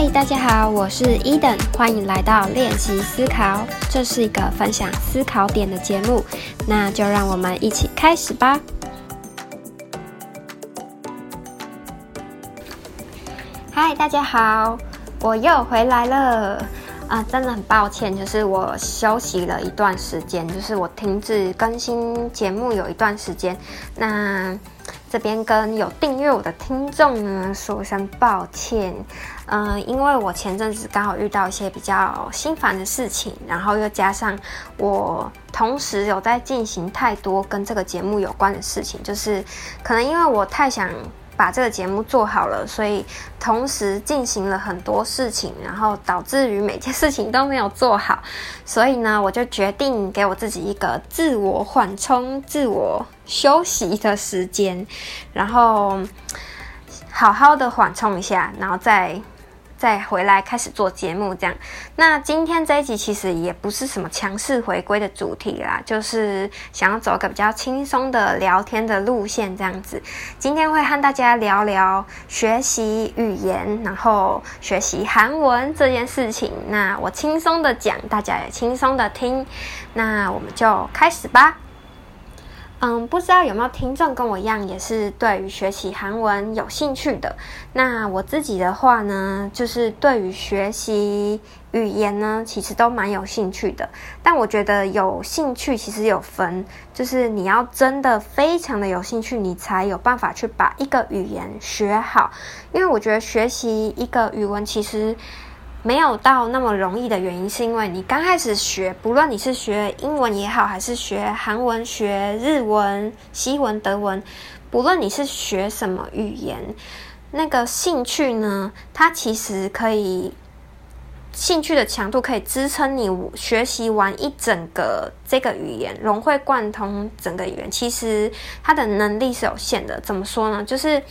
嗨，Hi, 大家好，我是 Eden。歡迎來到練習思考，這是一個分享思考點的節目，那就讓我們一起開始吧。嗨，大家好，我又回來了，啊、呃，真的很抱歉，就是我休息了一段時間，就是我停止更新節目有一段時間，那，這邊跟有訂閱我的聽眾呢說一聲抱歉，嗯、呃，因為我前陣子剛好遇到一些比較心煩的事情，然後又加上我同時有在進行太多跟這個節目有關的事情，就是可能因為我太想。把這個節目做好了，所以同時進行了很多事情，然後導致於每件事情都沒有做好，所以呢，我就決定給我自己一個自我緩衝、自我休息的時間，然後好好的緩衝一下，然後再。再回來開始做節目，這樣。那今天這一集其實也不是什麼強勢回歸的主題啦，就是想要走一個比較輕鬆的聊天的路線，這樣子。今天會和大家聊聊學習語言，然後學習韓文這件事情。那我輕鬆的講，大家也輕鬆的聽。那我們就開始吧。嗯，不知道有沒有聽眾跟我一樣，也是對於學習韓文有興趣的。那我自己的話呢，就是對於學習語言呢，其實都蠻有興趣的。但我覺得有興趣其實有分，就是你要真的非常的有興趣，你才有辦法去把一個語言學好。因為我覺得學習一個語文其實。沒有到那麼容易的原因，是因為你剛開始學，不論你是學英文也好，還是學韓文、學日文、西文、德文，不論你是學什麼語言，那個興趣呢，它其實可以，興趣的強度可以支撐你學習完一整個這個語言，融會貫通整個語言。其實它的能力是有限的，怎麼說呢？就是。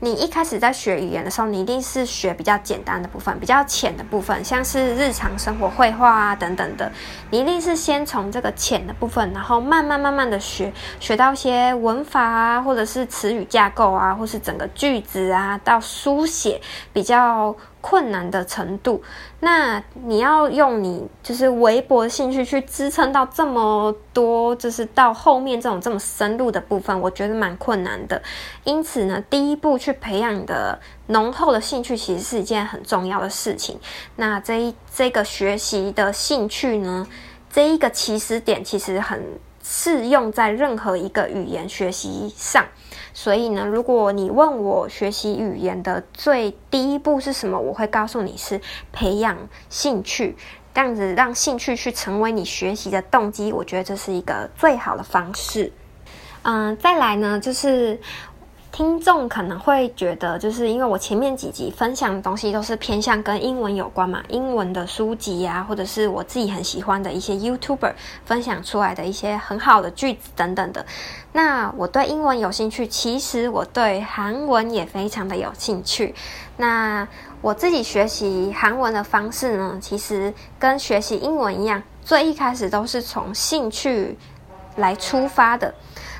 你一開始在學語言的時候，你一定是學比較簡單的部分，比較淺的部分，像是日常生活會話啊等等的。你一定是先從這個淺的部分，然後慢慢慢慢的學，學到一些文法啊，或者是詞語架構啊，或是整個句子啊，到書寫比較。困難的程度，那你要用你就是微薄的興趣去支撐到這麼多，就是到後面這種這麼深入的部分，我覺得蠻困難的。因此呢，第一步去培養你的濃厚的興趣，其實是一件很重要的事情。那這一這個學習的興趣呢，這一個起始點其實很適用在任何一個語言學習上。所以呢，如果你問我學習語言的最第一步是什麼？我會告訴你是培養興趣，這樣子讓興趣去成為你學習的動機，我覺得這是一個最好的方式。嗯、呃，再來呢，就是。聽眾可能會覺得，就是因為我前面幾集分享的東西都是偏向跟英文有關嘛，英文的書籍呀、啊，或者是我自己很喜歡的一些 YouTuber 分享出來的一些很好的句子等等的。那我對英文有興趣，其實我對韓文也非常的有興趣。那我自己學習韓文的方式呢，其實跟學習英文一樣，最一開始都是從興趣來出發的。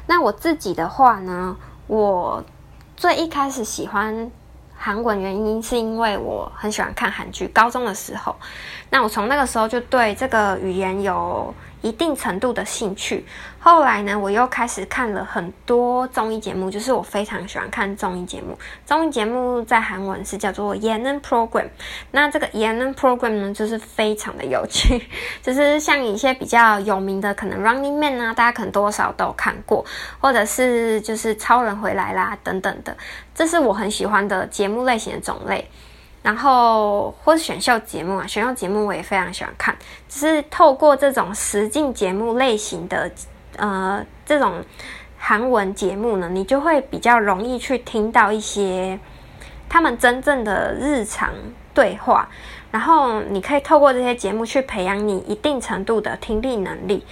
那我自己的話呢，我最一開始喜歡。韓文原因是因為我很喜歡看韓劇，高中的時候，那我從那個時候就對這個語言有一定程度的興趣。後來呢，我又開始看了很多綜藝節目，就是我非常喜歡看綜藝節目。綜藝節目在韓文是叫做예능프로그램，那這個예능프로그램呢，就是非常的有趣， 就是像一些比較有名的，可能 Running Man 啊，大家可能多少都有看過，或者是就是超人回來啦等等的。這是我很喜歡的節目類型的種類，然後或是選秀節目啊，選秀節目我也非常喜歡看。只是透過這種實境節目類型的，呃，這種韓文節目呢，你就會比較容易去聽到一些他們真正的日常對話，然後你可以透過這些節目去培養你一定程度的聽力能力。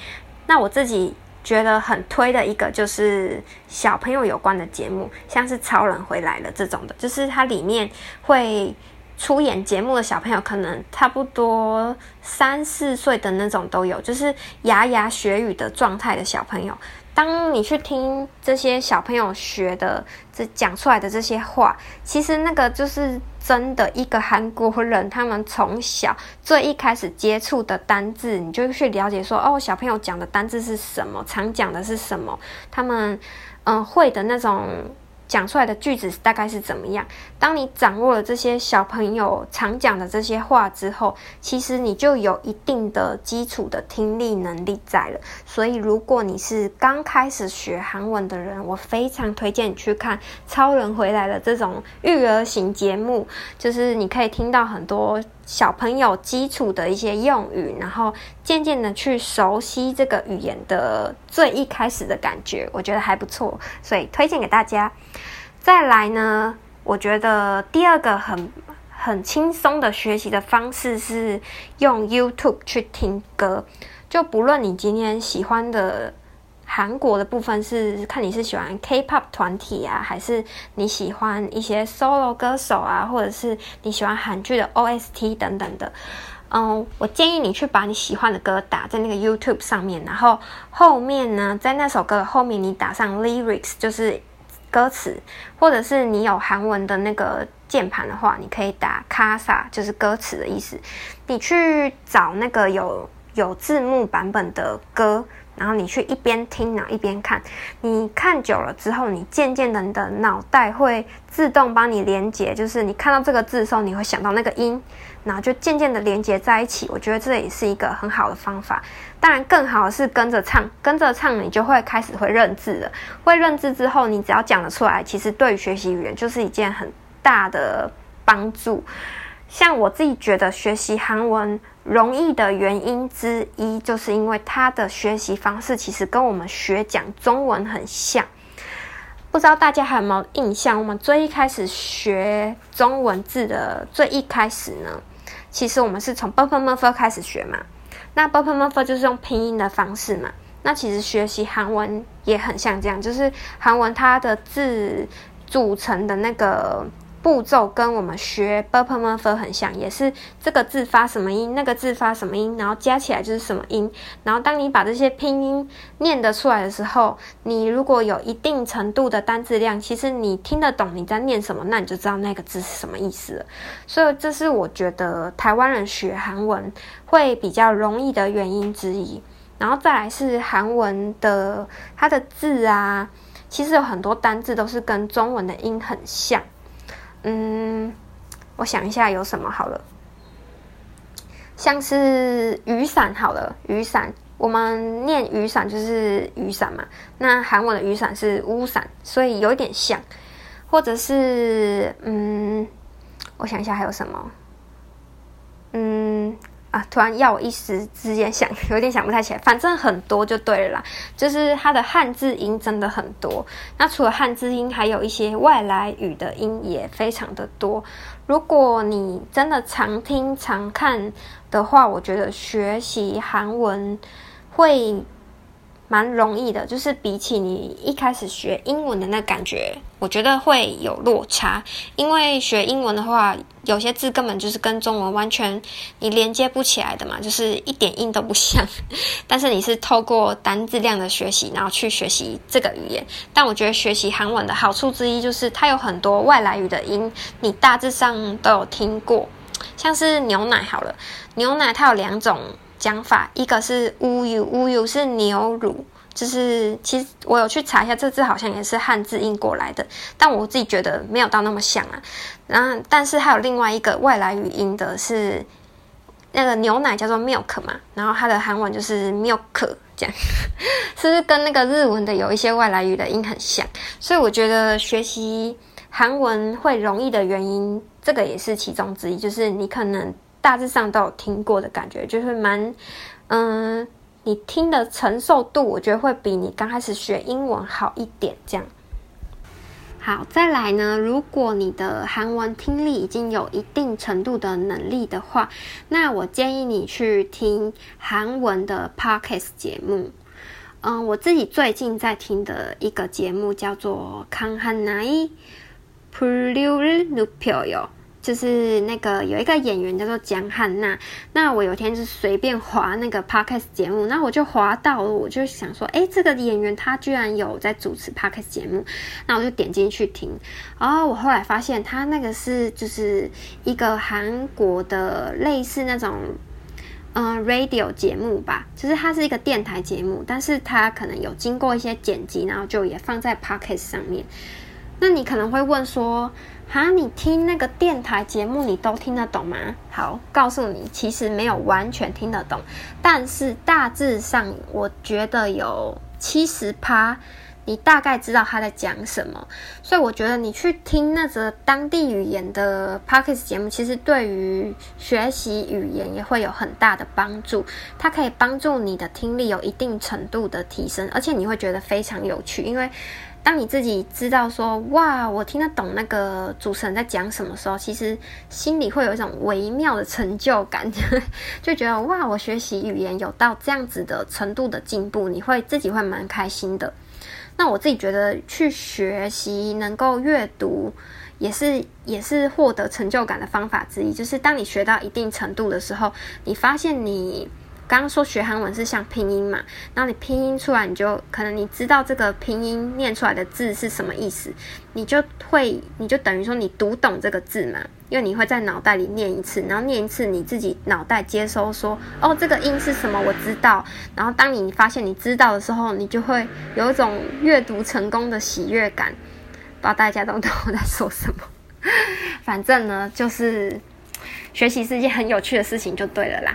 那我自己。覺得很推的一個就是小朋友有關的節目，像是《超人回來了》這種的，就是它裡面會出演節目的小朋友，可能差不多三四歲的那種都有，就是牙牙學語的狀態的小朋友。當你去聽這些小朋友學的這講出來的這些話，其實那個就是真的一個韓國人，他們從小最一開始接觸的單字，你就去了解說，哦，小朋友講的單字是什麼，常講的是什麼，他們嗯會的那種。講出來的句子大概是怎麼樣？當你掌握了這些小朋友常講的這些話之後，其實你就有一定的基礎的聽力能力在了。所以，如果你是剛開始學韓文的人，我非常推薦你去看《超人回來了》這種育兒型節目，就是你可以聽到很多。小朋友基礎的一些用語，然後漸漸的去熟悉這個語言的最一開始的感覺，我覺得還不錯，所以推薦給大家。再來呢，我覺得第二個很很輕鬆的學習的方式是用 YouTube 去聽歌，就不論你今天喜歡的。韓國的部分是看你是喜歡 K-pop 團體啊，還是你喜歡一些 solo 歌手啊，或者是你喜歡韓劇的 OST 等等的。嗯，我建議你去把你喜歡的歌打在那個 YouTube 上面，然後後面呢，在那首歌後面你打上 lyrics，就是歌詞，或者是你有韓文的那個鍵盤的話，你可以打 kasa，就是歌詞的意思。你去找那個有有字幕版本的歌，然後你去一邊聽然後一邊看，你看久了之後，你漸漸的你的腦袋會自動幫你連接，就是你看到這個字的時候，你會想到那個音，然後就漸漸的連接在一起。我覺得這也是一個很好的方法。當然，更好的是跟着唱，跟着唱你就會開始會認字了。會認字之後，你只要講得出來，其實對於學習語言就是一件很大的幫助。像我自己覺得學習韓文。容易的原因之一，就是因為他的學習方式其實跟我們學講中文很像。不知道大家還有沒有印象，我們最一開始學中文字的最一開始呢，其實我們是從 ㄅㄆㄇㄈ 開始學嘛。那 ㄅㄆㄇㄈ 就是用拼音的方式嘛。那其實學習韓文也很像這樣，就是韓文它的字組成的那個步驟跟我們學《Bopomofo》很像，也是這個字發什麼音，那個字發什麼音，然後加起來就是什麼音。然後當你把這些拼音念得出來的時候，你如果有一定程度的單字量，其實你聽得懂你在念什麼，那你就知道那個字是什麼意思了。所以這是我覺得台灣人學韓文會比較容易的原因之一。然後再來是韓文的，它的字啊，其實有很多單字都是跟中文的音很像。嗯，我想一下有什麼好了，像是雨傘好了，雨傘，我們念雨傘就是雨傘嘛，那韓文的雨傘是烏傘，所以有一點像，或者是嗯，我想一下還有什麼，嗯。啊，突然要我一時之間想，有點想不太起來。反正很多就對了啦，就是它的漢字音真的很多。那除了漢字音，還有一些外來語的音也非常的多。如果你真的常聽常看的話，我覺得學習韓文會蠻容易的，就是比起你一開始學英文的那感覺，我覺得會有落差。因為學英文的話，有些字根本就是跟中文完全你連接不起來的嘛，就是一點音都不像。但是你是透過單字量的學習，然後去學習這個語言。但我覺得學習韓文的好處之一，就是它有很多外來語的音，你大致上都有聽過。像是牛奶好了，牛奶它有兩種講法，一個是烏有，烏有是牛乳。就是其實我有去查一下，這字好像也是漢字印過來的，但我自己覺得沒有到那麼像啊。然後，但是還有另外一個外來語音的是那個牛奶叫做 milk 嘛，然後它的韓文就是 milk 這樣，是不是跟那個日文的有一些外來語的音很像？所以我覺得學習韓文會容易的原因，這個也是其中之一，就是你可能。大致上都有聽過的感覺，就是蠻，嗯，你聽的承受度，我覺得會比你剛開始學英文好一點。這樣，好，再來呢，如果你的韓文聽力已經有一定程度的能力的話，那我建議你去聽韓文的 Podcast 節目。嗯，我自己最近在聽的一個節目叫做《강한나의볼륨을높여요》。就是那個有一個演員叫做姜漢娜，那我有天就隨便滑那個 podcast 節目，那我就滑到了，我就想說，哎，這個演員他居然有在主持 podcast 節目，那我就點進去聽。然後我後來發現，他那個是就是一個韓國的類似那種，嗯，radio 節目吧，就是它是一個電台節目，但是它可能有經過一些剪輯，然後就也放在 podcast 上面。那你可能會問說，哈，你聽那個電台節目，你都聽得懂嗎？好，告訴你，其實沒有完全聽得懂，但是大致上，我覺得有七十趴，你大概知道他在講什麼。所以我覺得你去聽那個當地語言的 podcast 節目，其實對於學習語言也會有很大的幫助。它可以幫助你的聽力有一定程度的提升，而且你會覺得非常有趣，因為。當你自己知道說，哇，我聽得懂那個主持人在講什麼時候，其實心裡會有一種微妙的成就感，就覺得哇，我學習語言有到這樣子的程度的進步，你會自己會蠻開心的。那我自己覺得，去學習能夠閱讀，也是也是獲得成就感的方法之一，就是當你學到一定程度的時候，你發現你，剛剛說學韓文是像拼音嘛，然後你拼音出來，你就可能你知道這個拼音念出來的字是什麼意思，你就會，你就等於說你讀懂這個字嘛，因為你會在腦袋裡念一次，然後念一次你自己腦袋接收說，哦，這個音是什麼，我知道。然後當你發現你知道的時候，你就會有一種閱讀成功的喜悅感。不知道大家都懂我在說什麼？反正呢，就是學習是一件很有趣的事情，就對了啦。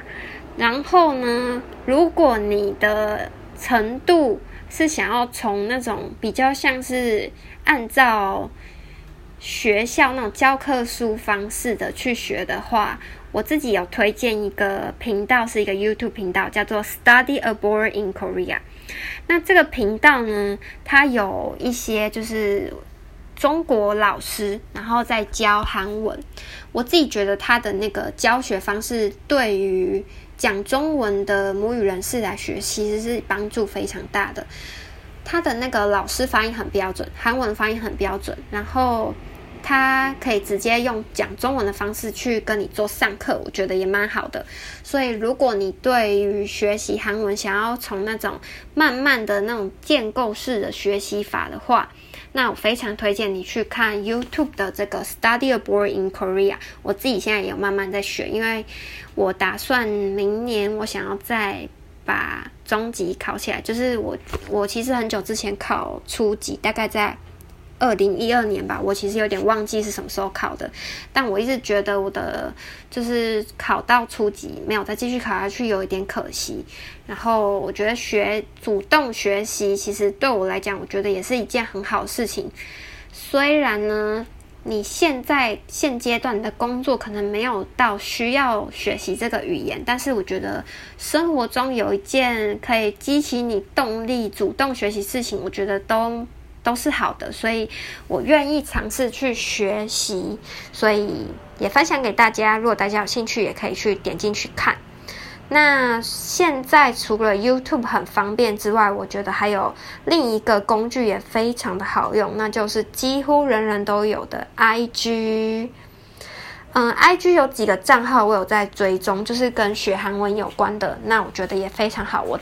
然後呢，如果你的程度是想要從那種比較像是按照學校那種教科書方式的去學的話，我自己有推薦一個頻道，是一個 YouTube 頻道，叫做 Study Abroad in Korea。那這個頻道呢，它有一些就是中國老師，然後在教韓文。我自己覺得它的那個教學方式對於講中文的母語人士來學，其實是幫助非常大的。他的那個老師發音很標準，韓文的發音很標準，然後他可以直接用講中文的方式去跟你做上課，我覺得也蠻好的。所以，如果你對於學習韓文想要從那種慢慢的那種建構式的學習法的話，那我非常推薦你去看 YouTube 的這個 Study Abroad in Korea。我自己現在也有慢慢在學，因為我打算明年我想要再把中級考起來。就是我，我其實很久之前考初級，大概在，二零一二年吧，我其實有點忘記是什麼時候考的，但我一直覺得我的就是考到初級沒有再繼續考下去，有一點可惜。然後我覺得學主動學習，其實對我來講，我覺得也是一件很好的事情。雖然呢，你現在現階段的工作可能沒有到需要學習這個語言，但是我覺得生活中有一件可以激起你動力、主動學習事情，我覺得都。都是好的，所以我願意嘗試去學習，所以也分享給大家。如果大家有興趣，也可以去點進去看。那現在除了 YouTube 很方便之外，我覺得還有另一個工具也非常的好用，那就是幾乎人人都有的 IG。嗯，IG 有幾個賬號我有在追蹤，就是跟學韓文有關的，那我覺得也非常好。我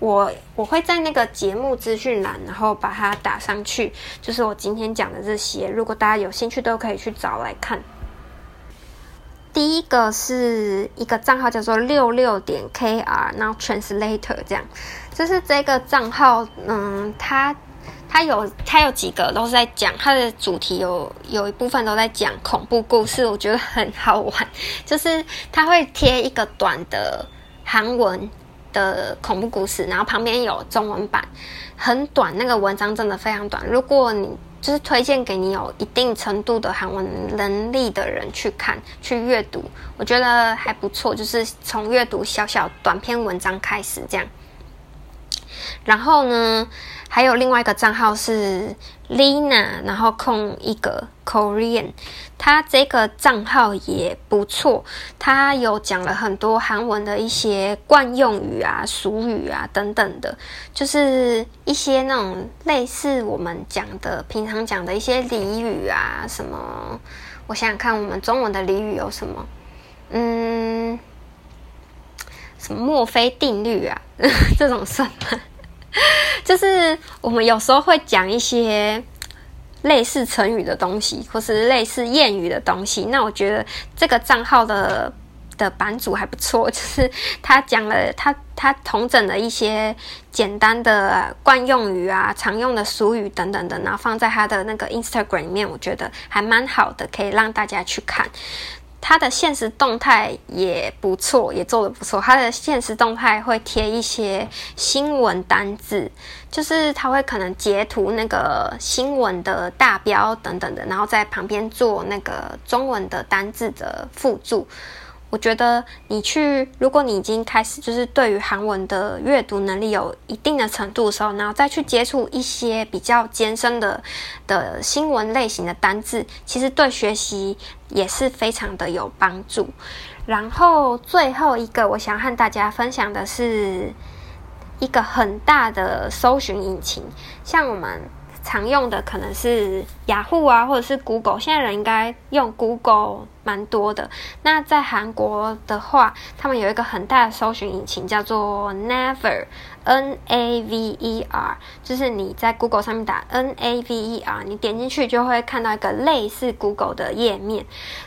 我我會在那個節目資訊欄，然後把它打上去。就是我今天講的這些，如果大家有興趣，都可以去找來看。第一個是一個賬號叫做六六點 kr，然後 translator 這樣，就是這個賬號嗯，他他有他有幾個都是在講，他的主題有有一部分都在講恐怖故事，我覺得很好玩。就是他會貼一個短的韓文。的恐怖故事，然後旁邊有中文版，很短，那個文章真的非常短。如果你就是推薦給你有一定程度的韓文能力的人去看、去閱讀，我覺得還不錯。就是從閱讀小小短篇文章開始，這樣。然後呢，還有另外一個賬號是 Lina，然後空一格 Korean，他這個賬號也不錯，他有講了很多韓文的一些慣用語啊、俗語啊等等的，就是一些那種類似我們講的平常講的一些俚語啊，什麼，我想想看我們中文的俚語有什麼，嗯，什麼墨菲定律啊，呵呵這種算嗎？就是我們有時候會講一些類似成語的東西，或是類似諺語的東西。那我覺得這個賬號的的版主還不錯，就是他講了他他統整了一些簡單的、啊、慣用語啊、常用的俗語等等的，然後放在他的那個 Instagram 裡面，我覺得還蠻好的，可以讓大家去看。他的限時動態也不錯，也做得不錯。他的限時動態會貼一些新聞單字，就是他會可能截圖那個新聞的大標等等的，然後在旁邊做那個中文的單字的附注。我覺得你去，如果你已經開始就是對於韓文的閱讀能力有一定的程度的時候，然後再去接觸一些比較艱深的的新聞類型的單字，其實對學習也是非常的有幫助。然後最後一個，我想和大家分享的是一個很大的搜尋引擎，像我們。常用的可能是雅虎、ah、啊，或者是 Google。現在人應該用 Google 蠻多的。那在韓國的話，他們有一個很大的搜尋引擎叫做 Naver，N A V E R。就是你在 Google 上面打 N A V E R，你點進去就會看到一個類似 Google 的頁面。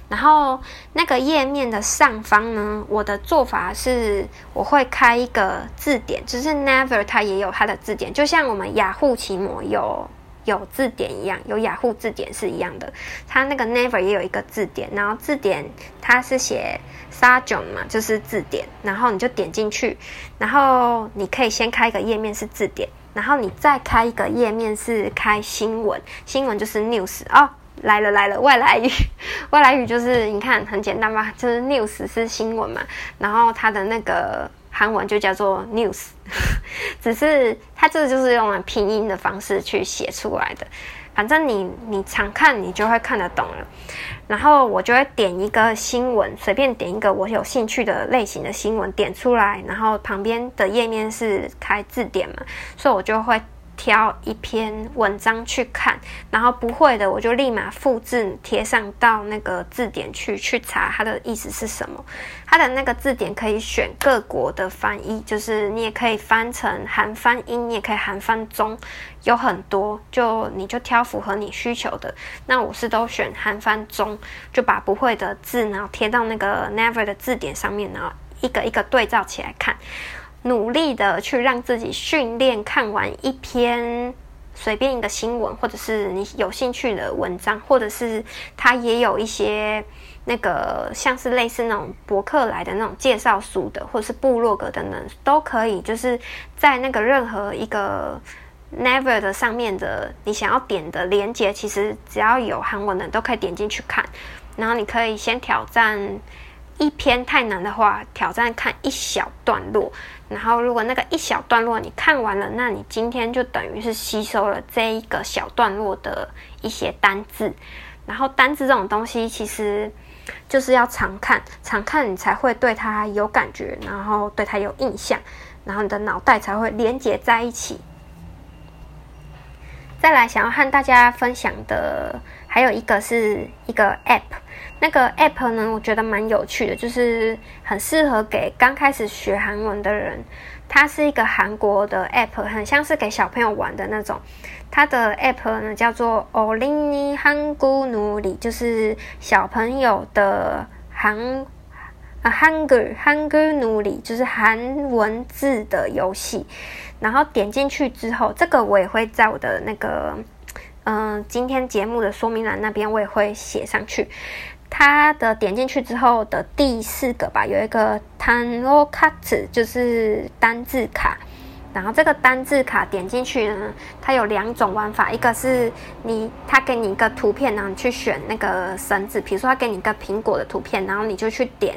然後那個頁面的上方呢，我的做法是我會開一個字典，只、就是 Naver 它也有它的字典，就像我們雅虎奇摩有。有字典一樣，有雅虎字典是一樣的。它那個 Naver 也有一個字典，然後字典它是寫사전嘛，就是字典。然後你就點進去，然後你可以先開一個頁面是字典，然後你再開一個頁面是開新聞。新聞就是 News 哦，來了來了，外來語，外來語就是你看很簡單吧，就是 News 是新聞嘛，然後它的那個。韓文就叫做 news，只是它這個就是用了拼音的方式去寫出來的，反正你你常看你就會看得懂了。然後我就會點一個新聞，隨便點一個我有興趣的類型的新聞點出來，然後旁邊的頁面是開字典嘛，所以我就會。挑一篇文章去看，然後不會的我就立馬複製貼上到那個字典去去查它的意思是什麼，它的那個字典可以選各國的翻譯，就是你也可以翻成韓翻英，你也可以韓翻中，有很多，就你就挑符合你需求的。那我是都選韓翻中，就把不會的字，然後貼到那個 Naver 的字典上面，然後一個一個對照起來看。努力的去讓自己訓練看完一篇隨便一個新聞，或者是你有興趣的文章，或者是它也有一些那個像是類似那種博客來的那種介紹書的，或者是部落格等等，都可以。就是在那個任何一個 Naver 的上面的你想要點的連結，其實只要有韓文的都可以點進去看。然後你可以先挑戰一篇太難的話，挑戰看一小段落。然後，如果那個一小段落你看完了，那你今天就等於是吸收了這一個小段落的一些單字。然後，單字這種東西其實就是要常看，常看你才會對它有感覺，然後對它有印象，然後你的腦袋才會連接在一起。再來，想要和大家分享的還有一個是一個 app。那個 app 呢，我覺得蠻有趣的，就是很適合給剛開始學韓文的人。它是一個韓國的 app，很像是給小朋友玩的那種。它的 app 呢，叫做어린이한글놀이，就是小朋友的韓啊한글한글놀이，就是韓文字的遊戲。然後點進去之後，這個我也會在我的那個嗯、呃、今天節目的說明欄那邊，我也會寫上去。它的點進去之後的第四個吧，有一個단어카드就是單字卡。然後這個單字卡點進去呢，它有兩種玩法，一個是你他給你一個圖片，然後你去選那個繩子。比如說他給你一個蘋果的圖片，然後你就去點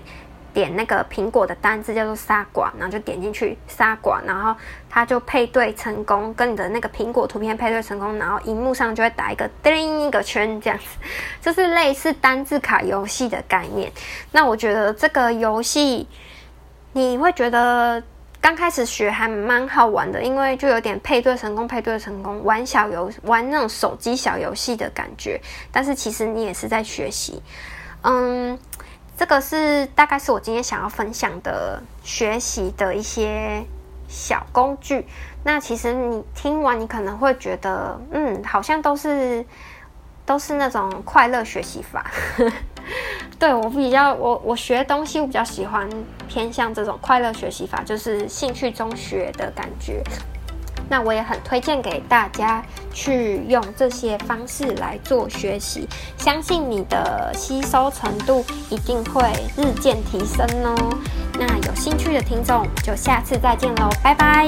點那個蘋果的單字，叫做砂果，然後就點進去砂果，然後。它就配對成功，跟你的那個蘋果圖片配對成功，然後螢幕上就會打一個叮一個圈，這樣子，就是類似單字卡遊戲的概念。那我覺得這個遊戲，你會覺得剛開始學還蠻好玩的，因為就有點配對成功，配對成功，玩小遊，玩那種手機小遊戲的感覺。但是其實你也是在學習。嗯，這個是大概是我今天想要分享的學習的一些。小工具，那其實你聽完，你可能會覺得，嗯，好像都是都是那種快樂學習法。 對，我比較，我我學東西我比較喜歡偏向這種快樂學習法，就是興趣中學的感覺。那我也很推薦給大家去用這些方式來做學習，相信你的吸收程度一定會日漸提升哦。那有興趣的聽眾就下次再見嘍，拜拜。